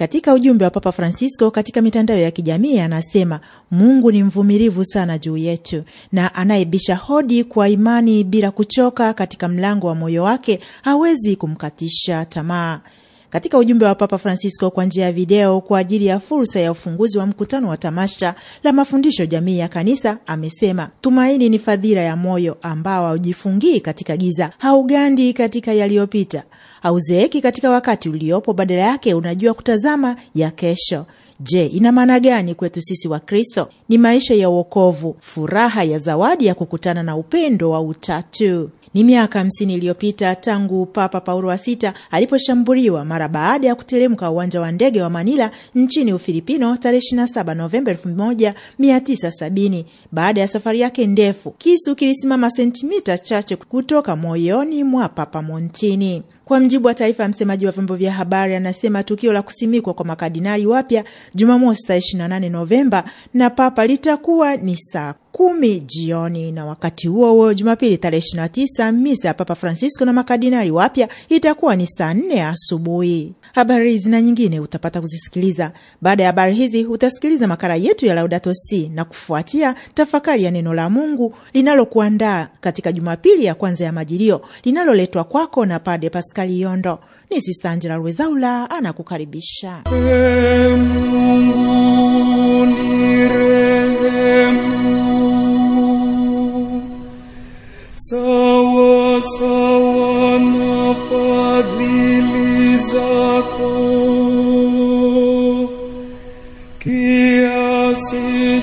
Katika ujumbe wa Papa Francisco katika mitandao ya kijamii anasema, Mungu ni mvumilivu sana juu yetu na anayebisha hodi kwa imani bila kuchoka katika mlango wa moyo wake hawezi kumkatisha tamaa. Katika ujumbe wa Papa Francisco kwa njia ya video kwa ajili ya fursa ya ufunguzi wa mkutano wa tamasha la mafundisho jamii ya kanisa, amesema tumaini ni fadhila ya moyo ambao haujifungii katika giza, haugandi katika yaliyopita, hauzeeki katika wakati uliopo, badala yake unajua kutazama ya kesho. Je, ina maana gani kwetu sisi wa Kristo? Ni maisha ya uokovu, furaha ya zawadi ya kukutana na upendo wa Utatu. Ni miaka hamsini iliyopita tangu Papa Paulo wa Sita aliposhambuliwa mara baada ya kuteremka uwanja wa ndege wa Manila nchini Ufilipino tarehe 27 Novemba 1970. Baada ya safari yake ndefu, kisu kilisimama sentimita chache kutoka moyoni mwa Papa Montini. Kwa mjibu wa taarifa ya msemaji wa vyombo vya habari, anasema tukio la kusimikwa kwa makardinali wapya Jumamosi tarehe 28 Novemba na Papa litakuwa ni saa kumi jioni, na wakati huo huo Jumapili tarehe 29 misa ya Papa Francisco na makardinali wapya itakuwa ni saa nne asubuhi. Habari hizi na nyingine utapata kuzisikiliza. Baada ya habari hizi utasikiliza makala yetu ya Laudato Si na kufuatia tafakari ya neno la Mungu linalokuandaa katika Jumapili ya kwanza ya Majilio, linaloletwa kwako na Pade Paskali Yondo. Ni Sista Angela Rwezaula anakukaribisha. Hey,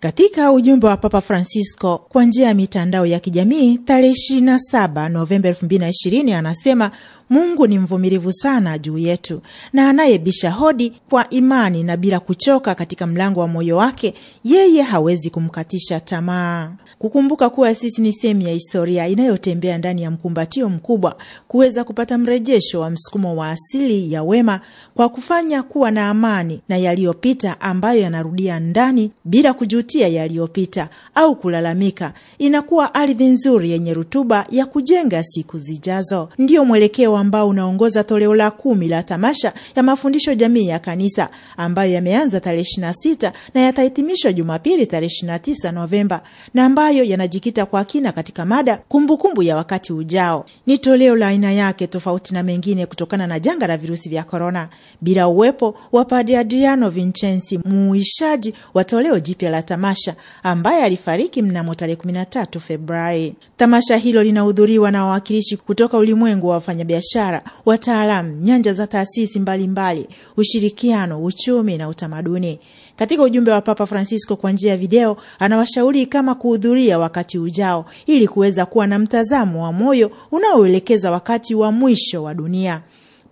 Katika ujumbe wa Papa Francisco kwa njia ya mitandao ya kijamii tarehe 27 Novemba 2020 anasema Mungu ni mvumilivu sana juu yetu na anayebisha hodi kwa imani na bila kuchoka katika mlango wa moyo wake, yeye hawezi kumkatisha tamaa. Kukumbuka kuwa sisi ni sehemu ya historia inayotembea ndani ya mkumbatio mkubwa, kuweza kupata mrejesho wa msukumo wa asili ya wema kwa kufanya kuwa na amani na yaliyopita ambayo yanarudia ndani bila kujutia yaliyopita au kulalamika, inakuwa ardhi nzuri yenye rutuba ya kujenga siku zijazo. Ndiyo mwelekeo ambao unaongoza toleo la kumi la tamasha ya mafundisho jamii ya kanisa ambayo yameanza tarehe 26 na yatahitimishwa Jumapili tarehe 29 Novemba na ambayo yanajikita kwa kina katika mada kumbukumbu kumbu ya wakati ujao. Ni toleo la aina yake tofauti na mengine kutokana na janga la virusi vya korona, bila uwepo wa Padre Adriano Vincenzi, muishaji wa toleo jipya la tamasha ambaye alifariki mnamo tarehe 13 Februari. Tamasha hilo linahudhuriwa na wawakilishi kutoka ulimwengu wa wafanyabiashara biashara, wataalamu, nyanja za taasisi mbalimbali, ushirikiano, uchumi na utamaduni. Katika ujumbe wa Papa Francisco kwa njia ya video, anawashauri kama kuhudhuria wakati ujao ili kuweza kuwa na mtazamo wa moyo unaoelekeza wakati wa mwisho wa dunia.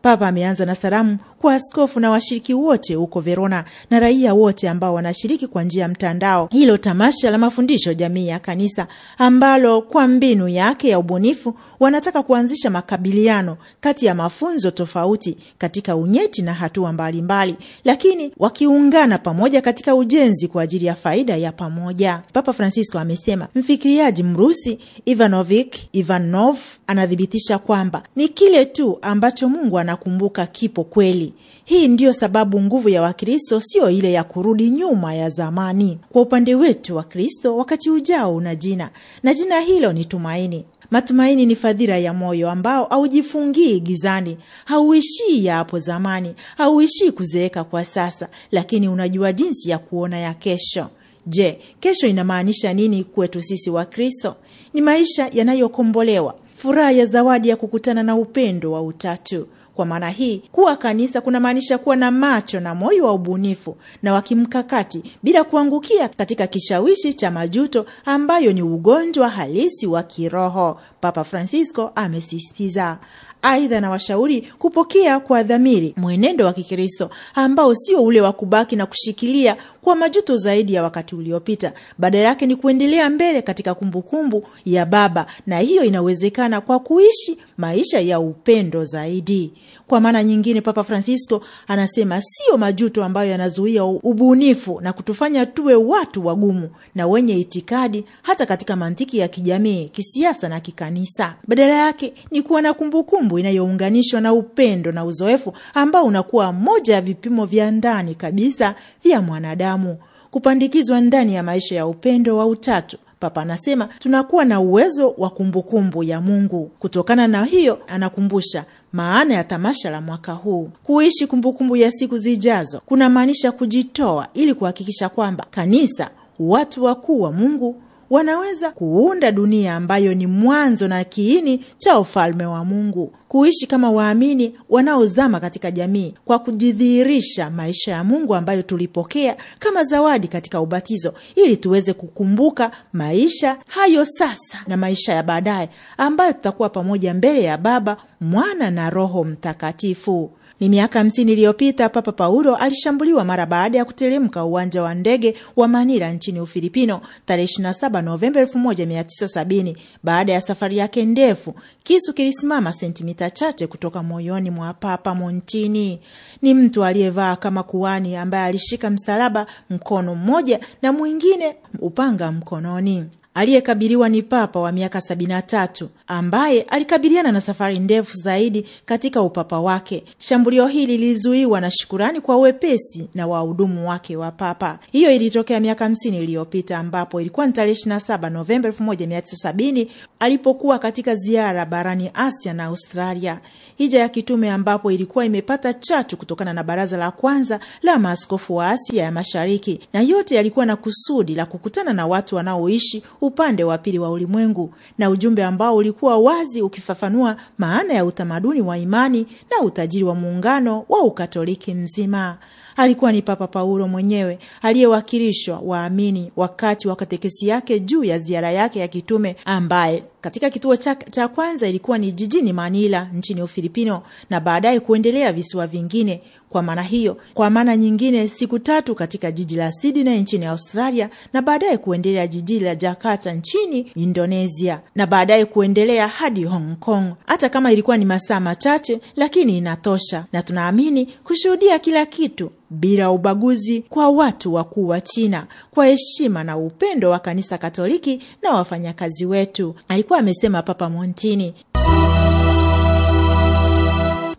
Papa ameanza na salamu kwa askofu na washiriki wote huko Verona na raia wote ambao wanashiriki kwa njia ya mtandao hilo tamasha la mafundisho jamii ya kanisa ambalo kwa mbinu yake ya ubunifu wanataka kuanzisha makabiliano kati ya mafunzo tofauti katika unyeti na hatua mbalimbali mbali, lakini wakiungana pamoja katika ujenzi kwa ajili ya faida ya pamoja. Papa Francisco amesema mfikiriaji Mrusi Ivanovik Ivanov anathibitisha kwamba ni kile tu ambacho Mungu anakumbuka kipo kweli hii ndiyo sababu nguvu ya Wakristo siyo ile ya kurudi nyuma ya zamani. Kwa upande wetu Wakristo, wakati ujao una jina na jina hilo ni tumaini. Matumaini ni fadhila ya moyo ambao haujifungii gizani, hauishii ya hapo zamani, hauishii kuzeeka kwa sasa, lakini unajua jinsi ya kuona ya kesho. Je, kesho inamaanisha nini kwetu sisi Wakristo? Ni maisha yanayokombolewa, furaha ya zawadi ya kukutana na upendo wa Utatu, kwa maana hii kuwa kanisa kunamaanisha kuwa na macho na moyo wa ubunifu na wa kimkakati, bila kuangukia katika kishawishi cha majuto ambayo ni ugonjwa halisi wa kiroho, Papa Francisco amesisitiza. Aidha, na washauri kupokea kwa dhamiri mwenendo wa Kikristo ambao sio ule wa kubaki na kushikilia kwa majuto zaidi ya wakati uliopita. Badala yake ni kuendelea mbele katika kumbukumbu kumbu ya Baba, na hiyo inawezekana kwa kuishi maisha ya upendo zaidi. Kwa maana nyingine, Papa Francisco anasema sio majuto ambayo yanazuia ubunifu na kutufanya tuwe watu wagumu na wenye itikadi, hata katika mantiki ya kijamii, kisiasa na kikanisa. Badala yake ni kuwa na kumbukumbu kumbukumbu inayounganishwa na upendo na uzoefu ambao unakuwa moja ya vipimo vya ndani kabisa vya mwanadamu, kupandikizwa ndani ya maisha ya upendo wa Utatu. Papa anasema tunakuwa na uwezo wa kumbukumbu ya Mungu. Kutokana na hiyo, anakumbusha maana ya tamasha la mwaka huu. Kuishi kumbukumbu ya siku zijazo kunamaanisha kujitoa ili kuhakikisha kwamba kanisa, watu wakuu wa Mungu wanaweza kuunda dunia ambayo ni mwanzo na kiini cha ufalme wa Mungu, kuishi kama waamini wanaozama katika jamii kwa kujidhihirisha maisha ya Mungu ambayo tulipokea kama zawadi katika ubatizo, ili tuweze kukumbuka maisha hayo sasa na maisha ya baadaye ambayo tutakuwa pamoja mbele ya Baba, Mwana na Roho Mtakatifu. Ni miaka hamsini iliyopita Papa Paulo alishambuliwa mara baada ya kuteremka uwanja wa ndege wa Manila nchini Ufilipino tarehe 27 Novemba 1970 baada ya safari yake ndefu. Kisu kilisimama sentimita chache kutoka moyoni mwa Papa Montini. Ni mtu aliyevaa kama kuani, ambaye alishika msalaba mkono mmoja na mwingine upanga mkononi aliyekabiliwa ni papa wa miaka 73 ambaye alikabiliana na safari ndefu zaidi katika upapa wake. Shambulio hili lilizuiwa na shukurani kwa uwepesi na wahudumu wake wa papa. Hiyo ilitokea miaka hamsini iliyopita ambapo ilikuwa ni tarehe 27 Novemba 1970 alipokuwa katika ziara barani Asia na Australia, hija ya kitume ambapo ilikuwa imepata chachu kutokana na baraza la kwanza la maaskofu wa Asia ya Mashariki, na yote yalikuwa na kusudi la kukutana na watu wanaoishi upande wa pili wa ulimwengu, na ujumbe ambao ulikuwa wazi ukifafanua maana ya utamaduni wa imani na utajiri wa muungano wa Ukatoliki mzima. Alikuwa ni Papa Paulo mwenyewe aliyewakilishwa waamini wakati wa katekesi yake juu ya ziara yake ya kitume ambaye katika kituo cha, cha kwanza ilikuwa ni jijini Manila nchini Ufilipino na baadaye kuendelea visiwa vingine. Kwa maana hiyo, kwa maana nyingine, siku tatu katika jiji la Sydney nchini Australia na baadaye kuendelea jiji la Jakarta nchini Indonesia na baadaye kuendelea hadi Hong Kong. Hata kama ilikuwa ni masaa machache, lakini inatosha, na tunaamini kushuhudia kila kitu bila ubaguzi kwa watu wakuu wa China, kwa heshima na upendo wa kanisa Katoliki na wafanyakazi wetu alikuwa amesema Papa Montini.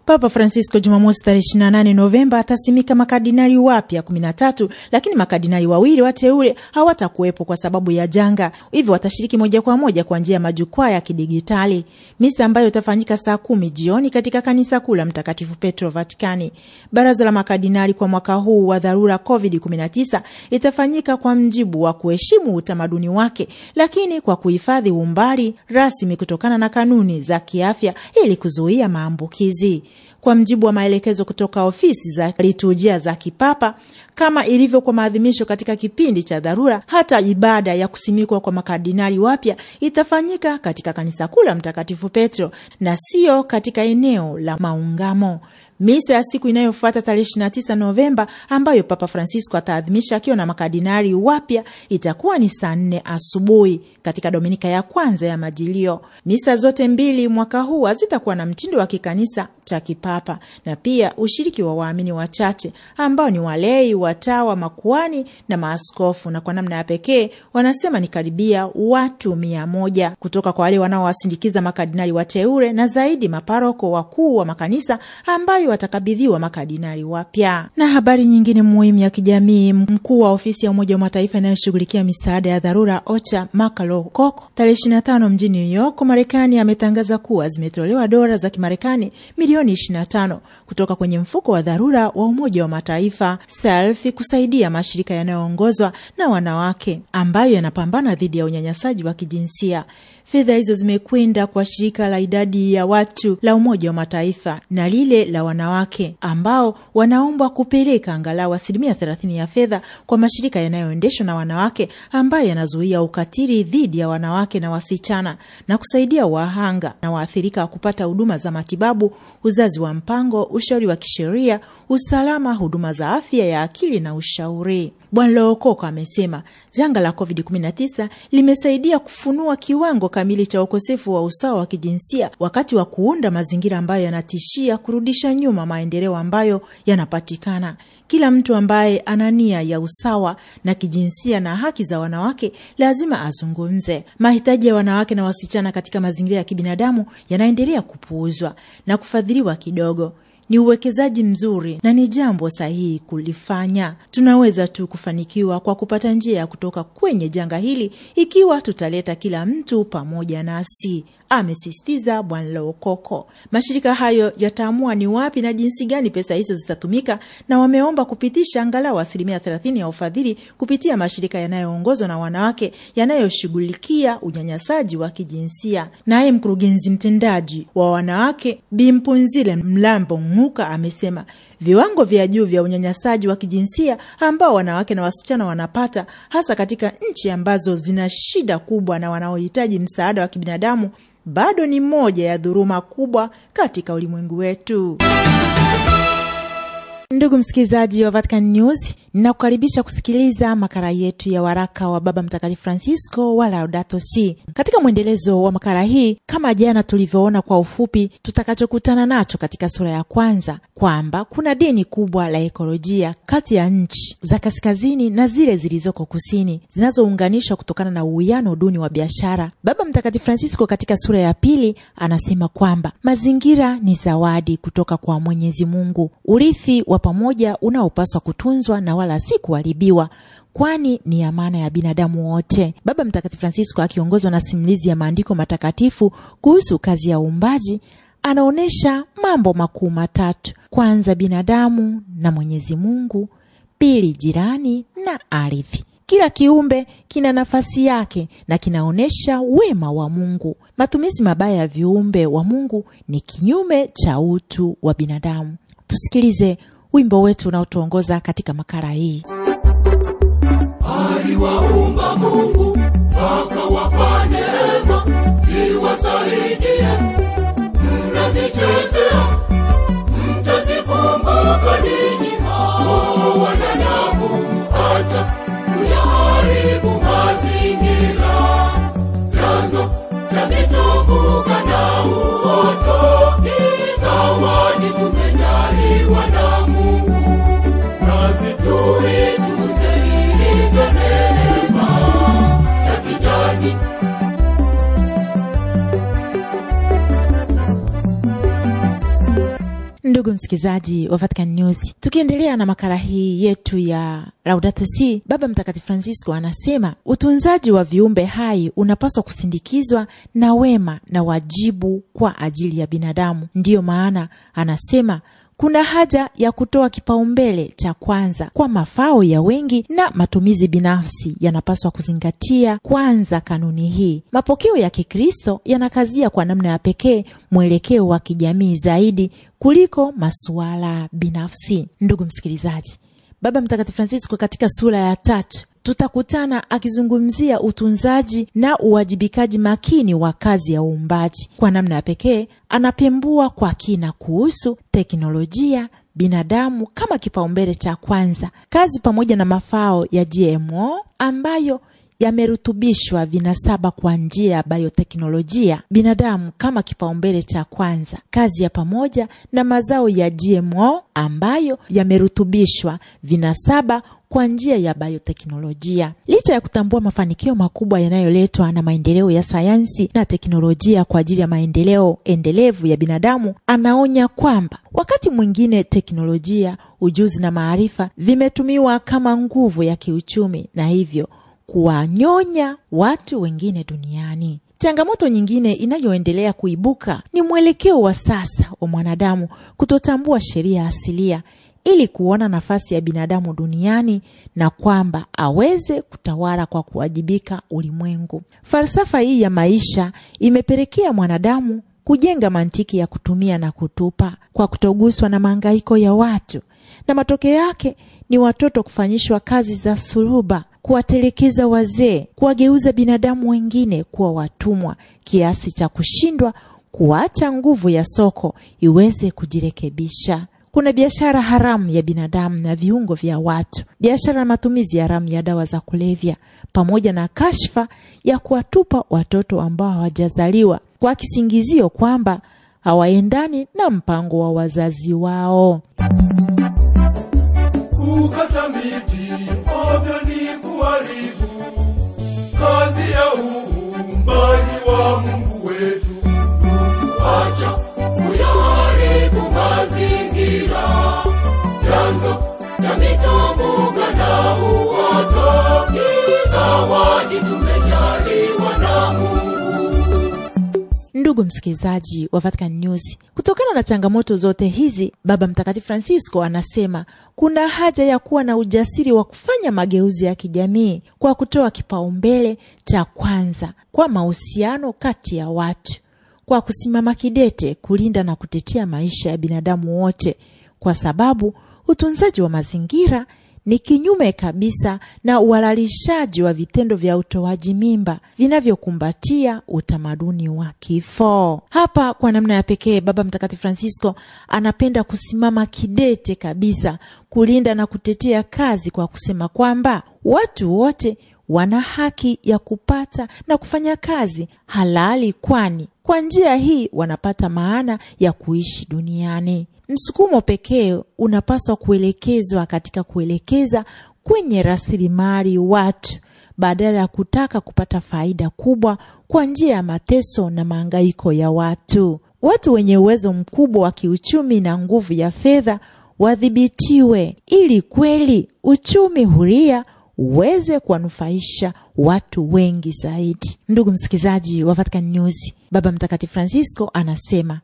Papa Francisco Jumamosi tarehe 28 Novemba atasimika makardinali wapya 13, lakini makardinali wawili wateule hawatakuwepo kwa sababu ya janga, hivyo watashiriki moja kwa moja kwa njia ya majukwaa ya kidigitali misa ambayo itafanyika saa kumi jioni katika kanisa kuu la Mtakatifu Petro, Vatikani. Baraza la makardinali kwa mwaka huu wa dharura COVID-19 itafanyika kwa mjibu wa kuheshimu utamaduni wake, lakini kwa kuhifadhi umbali rasmi kutokana na kanuni za kiafya ili kuzuia maambukizi kwa mjibu wa maelekezo kutoka ofisi za liturujia za kipapa kama ilivyo kwa maadhimisho katika kipindi cha dharura. Hata ibada ya kusimikwa kwa makardinali wapya itafanyika katika kanisa kuu la Mtakatifu Petro na sio katika eneo la maungamo. Misa ya siku inayofuata tarehe 29 Novemba, ambayo Papa Francisco ataadhimisha akiwa na makardinali wapya, itakuwa ni saa nne asubuhi katika dominika ya kwanza ya Majilio. Misa zote mbili mwaka huu hazitakuwa na mtindo wa kikanisa, cha kipapa na pia ushiriki wa waamini wachache ambao ni walei, watawa, makuani na maaskofu, na kwa namna ya pekee wanasema ni karibia watu mia moja kutoka kwa wale wanaowasindikiza makardinali wateure na zaidi maparoko wakuu wa makanisa ambayo watakabidhiwa makardinali wapya. Na habari nyingine muhimu ya kijamii, mkuu wa ofisi ya Umoja wa Mataifa inayoshughulikia misaada ya dharura OCHA Makalo Koko tarehe 25 mjini New York, Marekani ametangaza kuwa zimetolewa dola za Kimarekani milioni milioni 25 kutoka kwenye mfuko wa dharura wa Umoja wa Mataifa SELF kusaidia mashirika yanayoongozwa na wanawake ambayo yanapambana dhidi ya unyanyasaji wa kijinsia. Fedha hizo zimekwenda kwa shirika la idadi ya watu la Umoja wa Mataifa na lile la wanawake ambao wanaombwa kupeleka angalau asilimia thelathini ya fedha kwa mashirika yanayoendeshwa na wanawake ambayo yanazuia ukatili dhidi ya wanawake na wasichana na kusaidia wahanga na waathirika wa kupata huduma za matibabu, uzazi wa mpango, ushauri wa kisheria, usalama, huduma za afya ya akili na ushauri. Bwana Lookoko amesema janga la COVID-19 limesaidia kufunua kiwango kamili cha ukosefu wa usawa wa kijinsia wakati wa kuunda mazingira ambayo yanatishia kurudisha nyuma maendeleo ambayo yanapatikana. Kila mtu ambaye ana nia ya usawa na kijinsia na haki za wanawake lazima azungumze. Mahitaji ya wanawake na wasichana katika mazingira ya kibinadamu yanaendelea kupuuzwa na kufadhiliwa kidogo ni uwekezaji mzuri na ni jambo sahihi kulifanya. Tunaweza tu kufanikiwa kwa kupata njia ya kutoka kwenye janga hili ikiwa tutaleta kila mtu pamoja nasi amesisitiza Bwana Loukoko. Mashirika hayo yataamua ni wapi na jinsi gani pesa hizo zitatumika, na wameomba kupitisha angalau asilimia thelathini ya ufadhili kupitia mashirika yanayoongozwa na wanawake yanayoshughulikia unyanyasaji wa kijinsia. Naye mkurugenzi mtendaji wa wanawake Bimpunzile Mlambo Muka amesema viwango vya juu vya unyanyasaji wa kijinsia ambao wanawake na wasichana wanapata hasa katika nchi ambazo zina shida kubwa na wanaohitaji msaada wa kibinadamu bado ni moja ya dhuruma kubwa katika ulimwengu wetu. Ndugu msikilizaji wa Vatican News, Ninakukaribisha kusikiliza makala yetu ya waraka wa Baba Mtakatifu Francisco wa Laudato Si. Katika mwendelezo wa makala hii, kama jana tulivyoona kwa ufupi, tutakachokutana nacho katika sura ya kwanza, kwamba kuna deni kubwa la ekolojia kati ya nchi za kaskazini na zile zilizoko kusini zinazounganishwa kutokana na uwiano duni wa biashara. Baba Mtakatifu Francisco katika sura ya pili anasema kwamba mazingira ni zawadi kutoka kwa Mwenyezi Mungu, urithi wa pamoja unaopaswa kutunzwa na wala wala si kuharibiwa kwani ni amana ya binadamu wote. Baba Mtakatifu Francisco akiongozwa na simulizi ya maandiko matakatifu kuhusu kazi ya uumbaji anaonyesha mambo makuu matatu: kwanza, binadamu na Mwenyezi Mungu; pili, jirani na ardhi. Kila kiumbe kina nafasi yake na kinaonyesha wema wa Mungu. Matumizi mabaya ya viumbe wa Mungu ni kinyume cha utu wa binadamu. Tusikilize wimbo wetu unaotuongoza katika makala hii. Aliwaumba Mungu akawapa neema ziwasaidie, mnazichezea mtazikumbuka ninyi hao wanadamu, acha kuyaharibu mazingira, vyanzo vya mitumbuka na uo msikilizaji wa Vatican News. Tukiendelea na makala hii yetu ya Laudato Si, Baba Mtakatifu Francisco anasema utunzaji wa viumbe hai unapaswa kusindikizwa na wema na wajibu kwa ajili ya binadamu. Ndiyo maana anasema kuna haja ya kutoa kipaumbele cha kwanza kwa mafao ya wengi na matumizi binafsi yanapaswa kuzingatia kwanza kanuni hii. Mapokeo ya Kikristo yanakazia kwa namna ya pekee mwelekeo wa kijamii zaidi kuliko masuala binafsi. Ndugu msikilizaji, Baba Mtakatifu Francisco katika sura ya tatu tutakutana akizungumzia utunzaji na uwajibikaji makini wa kazi ya uumbaji. Kwa namna ya pekee, anapembua kwa kina kuhusu teknolojia binadamu kama kipaumbele cha kwanza, kazi pamoja na mafao ya GMO ambayo yamerutubishwa vinasaba kwa njia ya bioteknolojia, binadamu kama kipaumbele cha kwanza, kazi ya pamoja na mazao ya GMO ambayo yamerutubishwa vinasaba kwa njia ya bioteknolojia. Licha ya kutambua mafanikio makubwa yanayoletwa na maendeleo ya sayansi na teknolojia kwa ajili ya maendeleo endelevu ya binadamu, anaonya kwamba wakati mwingine teknolojia, ujuzi na maarifa vimetumiwa kama nguvu ya kiuchumi na hivyo kuwanyonya watu wengine duniani. Changamoto nyingine inayoendelea kuibuka ni mwelekeo wa sasa wa mwanadamu kutotambua sheria asilia ili kuona nafasi ya binadamu duniani na kwamba aweze kutawala kwa kuwajibika ulimwengu. Falsafa hii ya maisha imepelekea mwanadamu kujenga mantiki ya kutumia na kutupa kwa kutoguswa na maangaiko ya watu na matokeo yake ni watoto kufanyishwa kazi za suluba, kuwatelekeza wazee, kuwageuza binadamu wengine kuwa watumwa kiasi cha kushindwa kuacha nguvu ya soko iweze kujirekebisha. Kuna biashara haramu ya binadamu na viungo vya watu, biashara na matumizi haramu ya dawa za kulevya, pamoja na kashfa ya kuwatupa watoto ambao hawajazaliwa kwa kisingizio kwamba hawaendani na mpango wa wazazi wao. ukatami Ndugu msikilizaji wa Vatican News, kutokana na changamoto zote hizi, Baba Mtakatifu Francisco anasema kuna haja ya kuwa na ujasiri wa kufanya mageuzi ya kijamii kwa kutoa kipaumbele cha kwanza kwa mahusiano kati ya watu, kwa kusimama kidete kulinda na kutetea maisha ya binadamu wote, kwa sababu utunzaji wa mazingira ni kinyume kabisa na uhalalishaji wa vitendo vya utoaji mimba vinavyokumbatia utamaduni wa kifo. Hapa kwa namna ya pekee, Baba Mtakatifu Francisco anapenda kusimama kidete kabisa kulinda na kutetea kazi kwa kusema kwamba watu wote wana haki ya kupata na kufanya kazi halali, kwani kwa njia hii wanapata maana ya kuishi duniani. Msukumo pekee unapaswa kuelekezwa katika kuelekeza kwenye rasilimali watu badala ya kutaka kupata faida kubwa kwa njia ya mateso na maangaiko ya watu. Watu wenye uwezo mkubwa wa kiuchumi na nguvu ya fedha wadhibitiwe ili kweli uchumi huria uweze kuwanufaisha watu wengi zaidi. Ndugu msikilizaji wa Vatican News, Baba mtakati Francisco anasema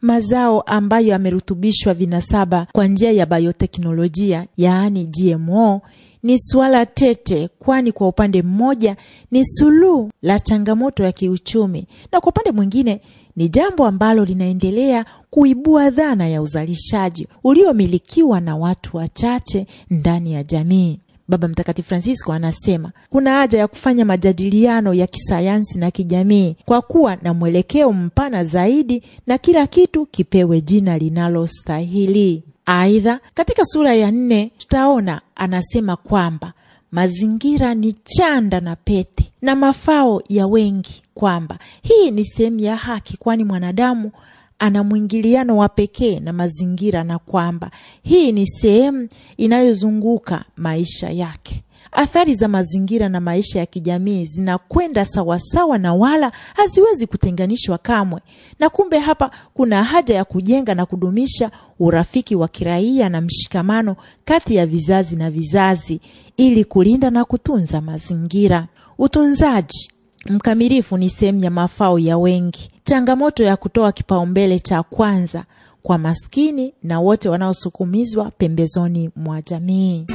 mazao ambayo yamerutubishwa vinasaba kwa njia ya bioteknolojia yaani GMO ni suala tete, kwani kwa upande mmoja ni suluhu la changamoto ya kiuchumi na kwa upande mwingine ni jambo ambalo linaendelea kuibua dhana ya uzalishaji uliomilikiwa na watu wachache ndani ya jamii. Baba Mtakatifu Francisco anasema kuna haja ya kufanya majadiliano ya kisayansi na kijamii kwa kuwa na mwelekeo mpana zaidi na kila kitu kipewe jina linalostahili. Aidha, katika sura ya nne tutaona anasema kwamba mazingira ni chanda na pete na mafao ya wengi, kwamba hii ni sehemu ya haki, kwani mwanadamu ana mwingiliano wa pekee na mazingira na kwamba hii ni sehemu inayozunguka maisha yake. Athari za mazingira na maisha ya kijamii zinakwenda sawasawa na wala haziwezi kutenganishwa kamwe, na kumbe hapa kuna haja ya kujenga na kudumisha urafiki wa kiraia na mshikamano kati ya vizazi na vizazi ili kulinda na kutunza mazingira. Utunzaji mkamilifu ni sehemu ya mafao ya wengi changamoto ya kutoa kipaumbele cha kwanza kwa maskini na wote wanaosukumizwa pembezoni mwa jamii.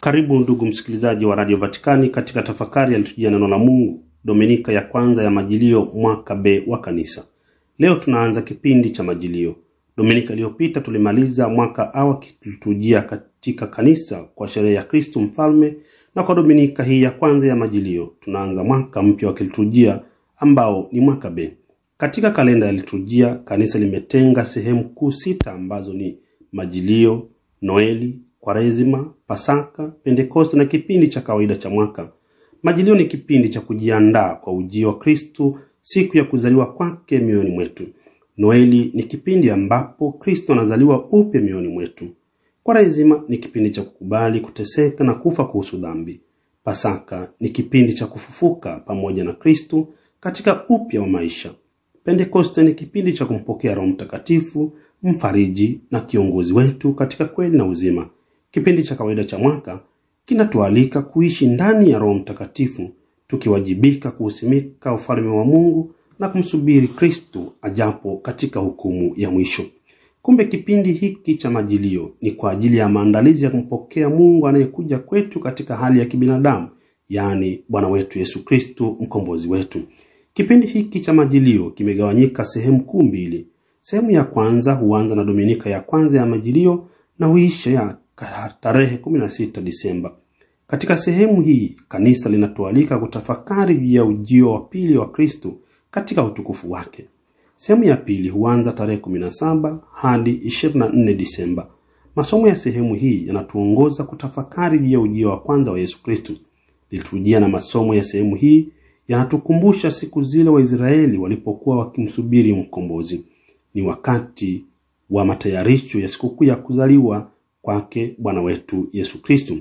Karibu ndugu msikilizaji wa Radio Vatikani katika tafakari yalitujia neno la Mungu, Dominika ya kwanza ya Majilio, mwaka B wa Kanisa. Leo tunaanza kipindi cha Majilio. Dominika iliyopita tulimaliza mwaka awa kiliturujia katika kanisa kwa sherehe ya Kristu Mfalme, na kwa dominika hii ya kwanza ya Majilio tunaanza mwaka mpya wa kiliturujia ambao ni mwaka B. Katika kalenda ya liturujia, kanisa limetenga sehemu kuu sita ambazo ni Majilio, Noeli, Kwaresima, Pasaka, Pentekoste na kipindi cha kawaida cha mwaka. Majilio ni kipindi cha kujiandaa kwa ujio wa Kristu, siku ya kuzaliwa kwake mioyoni mwetu. Noeli ni kipindi ambapo Kristo anazaliwa upya mioyoni mwetu. Kwaresima ni kipindi cha kukubali kuteseka na kufa kuhusu dhambi. Pasaka ni kipindi cha kufufuka pamoja na Kristo katika upya wa maisha. Pentekoste ni kipindi cha kumpokea Roho Mtakatifu, mfariji na kiongozi wetu katika kweli na uzima. Kipindi cha kawaida cha mwaka kinatualika kuishi ndani ya Roho Mtakatifu, tukiwajibika kuhusimika ufalme wa Mungu na kumsubiri Kristo ajapo katika hukumu ya mwisho. Kumbe kipindi hiki cha majilio ni kwa ajili ya maandalizi ya kumpokea Mungu anayekuja kwetu katika hali ya kibinadamu, yaani Bwana wetu Yesu Kristo mkombozi wetu. Kipindi hiki cha majilio kimegawanyika sehemu kuu mbili. Sehemu ya kwanza huanza na Dominika ya kwanza ya majilio na huisha ya tarehe 16 Disemba. Katika sehemu hii kanisa linatualika kutafakari juu ya ujio wa pili wa Kristo katika utukufu wake. Sehemu ya pili huanza tarehe 17 hadi 24 Disemba. Masomo ya sehemu hii yanatuongoza kutafakari juu ya ujio wa kwanza wa Yesu Kristo. litujia na masomo ya sehemu hii yanatukumbusha siku zile Waisraeli walipokuwa wakimsubiri mkombozi. Ni wakati wa matayarisho ya sikukuu ya kuzaliwa kwake Bwana wetu Yesu Kristo.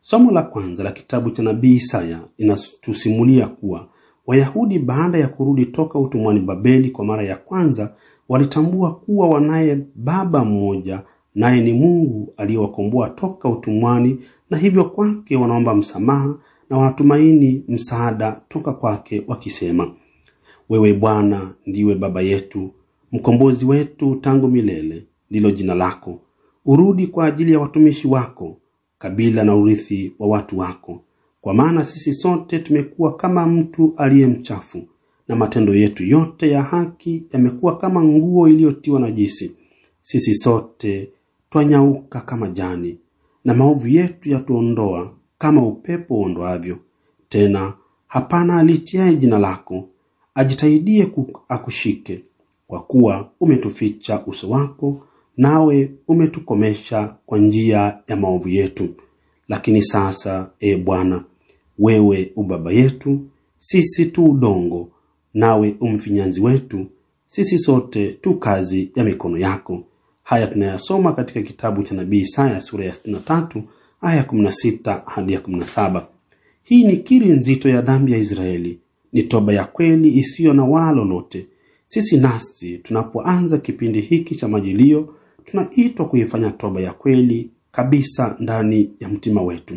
Somo la kwanza la kitabu cha nabii Isaya inatusimulia kuwa Wayahudi baada ya kurudi toka utumwani Babeli kwa mara ya kwanza walitambua kuwa wanaye baba mmoja naye ni Mungu aliyewakomboa toka utumwani, na hivyo kwake wanaomba msamaha na wanatumaini msaada toka kwake, wakisema, wewe Bwana ndiwe baba yetu, mkombozi wetu tangu milele, ndilo jina lako. Urudi kwa ajili ya watumishi wako, kabila na urithi wa watu wako, kwa maana sisi sote tumekuwa kama mtu aliye mchafu na matendo yetu yote ya haki yamekuwa kama nguo iliyotiwa na jisi Sisi sote twanyauka kama jani na maovu yetu yatuondoa kama upepo uondoavyo. Tena hapana alitiaye jina lako ajitahidie akushike, kwa kuwa umetuficha uso wako, nawe umetukomesha kwa njia ya maovu yetu. Lakini sasa, e Bwana, wewe ubaba yetu, sisi tu udongo, nawe umfinyanzi wetu, sisi sote tu kazi ya mikono yako. Haya tunayasoma katika kitabu cha nabii Isaya sura ya 63 aya 16 hadi ya 17. Hii ni kiri nzito ya dhambi ya Israeli, ni toba ya kweli isiyo na waa lolote. Sisi nasi tunapoanza kipindi hiki cha majilio, tunaitwa kuifanya toba ya kweli kabisa ndani ya mtima wetu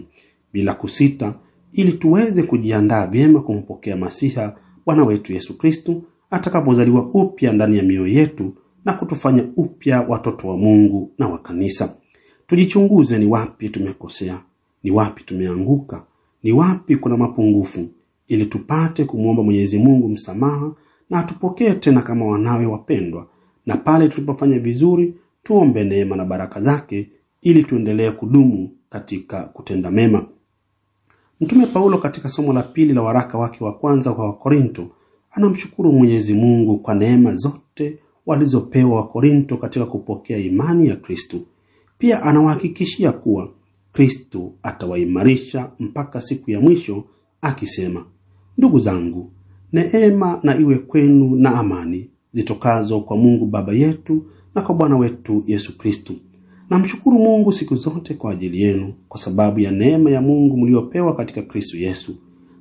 bila kusita ili tuweze kujiandaa vyema kumpokea Masiha Bwana wetu Yesu Kristu atakapozaliwa upya ndani ya mioyo yetu na kutufanya upya watoto wa Mungu na wa kanisa. Tujichunguze ni wapi tumekosea, ni wapi tumeanguka, ni wapi kuna mapungufu, ili tupate kumwomba Mwenyezi Mungu msamaha na atupokee tena kama wanawe wapendwa, na pale tulipofanya vizuri tuombe neema na baraka zake ili tuendelee kudumu katika kutenda mema. Mtume Paulo katika somo la pili la waraka wake wa kwanza kwa Wakorinto anamshukuru Mwenyezi Mungu kwa neema zote walizopewa Wakorinto katika kupokea imani ya Kristo. Pia anawahakikishia kuwa Kristo atawaimarisha mpaka siku ya mwisho akisema, ndugu zangu, neema na iwe kwenu na amani zitokazo kwa Mungu Baba yetu na kwa Bwana wetu Yesu Kristo. Namshukuru Mungu siku zote kwa ajili yenu kwa sababu ya neema ya Mungu mliopewa katika Kristo Yesu,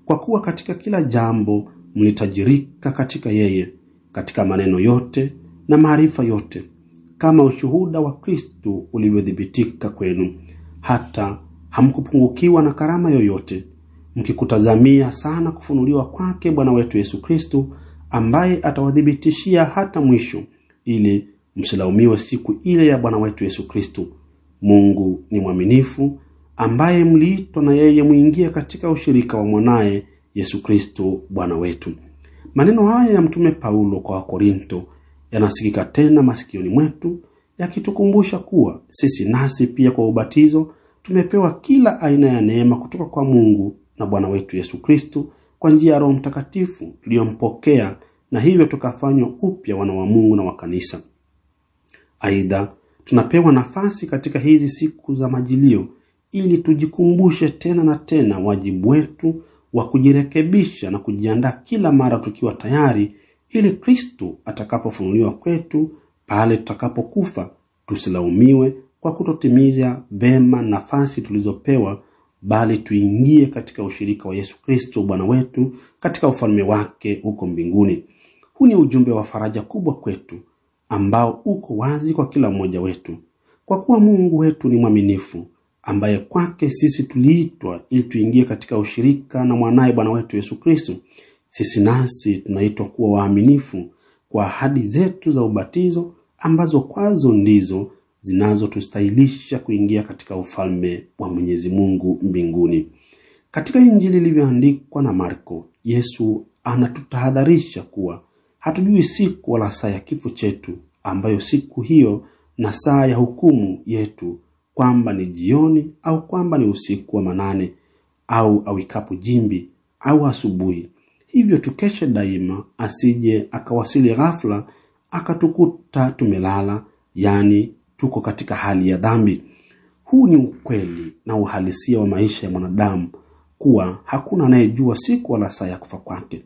kwa kuwa katika kila jambo mlitajirika katika yeye, katika maneno yote na maarifa yote, kama ushuhuda wa Kristo ulivyothibitika kwenu, hata hamkupungukiwa na karama yoyote, mkikutazamia sana kufunuliwa kwake Bwana wetu Yesu Kristo, ambaye atawathibitishia hata mwisho, ili msilaumiwe siku ile ya Bwana wetu Yesu Kristo. Mungu ni mwaminifu, ambaye mliitwa na yeye mwingie katika ushirika wa mwanaye Yesu Kristo Bwana wetu. Maneno haya ya Mtume Paulo kwa Wakorinto yanasikika tena masikioni mwetu yakitukumbusha kuwa sisi nasi pia kwa ubatizo tumepewa kila aina ya neema kutoka kwa Mungu na Bwana wetu Yesu Kristo kwa njia ya Roho Mtakatifu tuliyompokea, na hivyo tukafanywa upya wana wa Mungu na wa kanisa. Aidha, tunapewa nafasi katika hizi siku za majilio ili tujikumbushe tena na tena wajibu wetu wa kujirekebisha na kujiandaa kila mara tukiwa tayari ili kristu atakapofunuliwa kwetu pale tutakapokufa tusilaumiwe kwa kutotimiza vema nafasi tulizopewa bali tuingie katika ushirika wa Yesu Kristo Bwana wetu katika ufalme wake huko mbinguni. Huu ni ujumbe wa faraja kubwa kwetu ambao uko wazi kwa kila mmoja wetu, kwa kuwa Mungu wetu ni mwaminifu, ambaye kwake sisi tuliitwa ili tuingie katika ushirika na mwanaye Bwana wetu Yesu Kristo. Sisi nasi tunaitwa kuwa waaminifu kwa ahadi zetu za ubatizo ambazo kwazo ndizo zinazotustahilisha kuingia katika ufalme wa Mwenyezi Mungu mbinguni. Katika Injili ilivyoandikwa na Marko, Yesu anatutahadharisha kuwa hatujui siku wala saa ya kifo chetu ambayo siku hiyo na saa ya hukumu yetu kwamba ni jioni au kwamba ni usiku wa manane au awikapo jimbi au asubuhi hivyo tukeshe daima asije akawasili ghafla akatukuta tumelala yani tuko katika hali ya dhambi huu ni ukweli na uhalisia wa maisha ya mwanadamu kuwa hakuna anayejua siku wala saa ya kufa kwake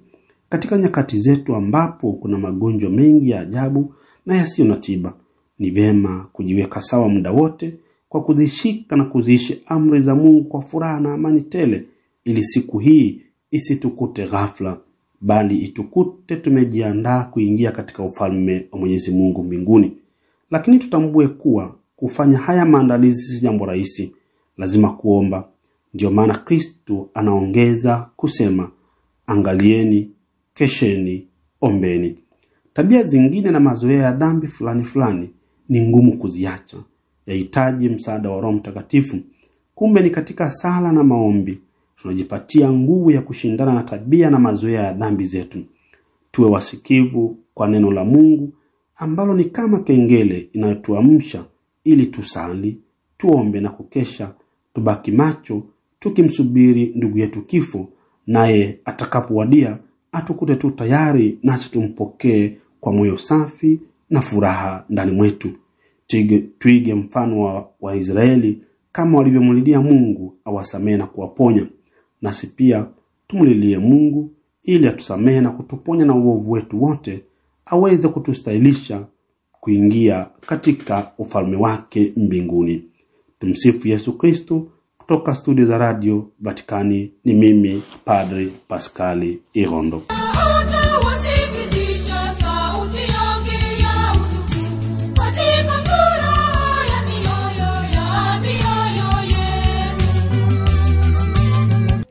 katika nyakati zetu ambapo kuna magonjwa mengi ya ajabu na yasiyo na tiba, ni vyema kujiweka sawa muda wote kwa kuzishika na kuziishi amri za Mungu kwa furaha na amani tele, ili siku hii isitukute ghafla, bali itukute tumejiandaa kuingia katika ufalme wa Mwenyezi Mungu mbinguni. Lakini tutambue kuwa kufanya haya maandalizi si jambo rahisi, lazima kuomba. Ndiyo maana Kristo anaongeza kusema, angalieni kesheni, ombeni. Tabia zingine na mazoea ya dhambi fulani fulani ni ngumu kuziacha, yahitaji msaada wa Roho Mtakatifu. Kumbe ni katika sala na maombi tunajipatia nguvu ya kushindana na tabia na mazoea ya dhambi zetu. Tuwe wasikivu kwa neno la Mungu ambalo ni kama kengele inayotuamsha ili tusali, tuombe na kukesha, tubaki macho tukimsubiri ndugu yetu kifo, naye atakapowadia atukute tu tayari nasi tumpokee kwa moyo safi na furaha ndani mwetu Tige, twige mfano wa waisraeli kama walivyomlilia mungu awasamehe na kuwaponya nasi pia tumlilie mungu ili atusamehe na kutuponya na uovu wetu wote aweze kutustahilisha kuingia katika ufalme wake mbinguni tumsifu yesu kristo kutoka studio za Radio Vatikani ni mimi Padri Paskali Irondo.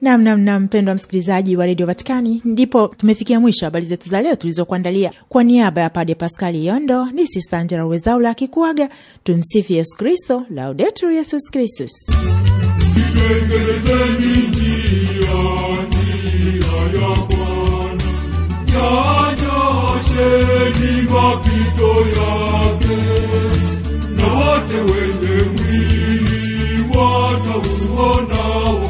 Namnamna mpendwa msikilizaji wa redio Vatikani, ndipo tumefikia mwisho habari zetu za leo tulizokuandalia. Kwa niaba ya Pade Paskali Yondo ni Sista Angela wezaula akikuaga. Tumsifi Yesu Kristo, Laudetur Yesus Kristus. Sipendele mindiani ayakwana Yanyasheni mapito yake Na wote wenye mwili watauona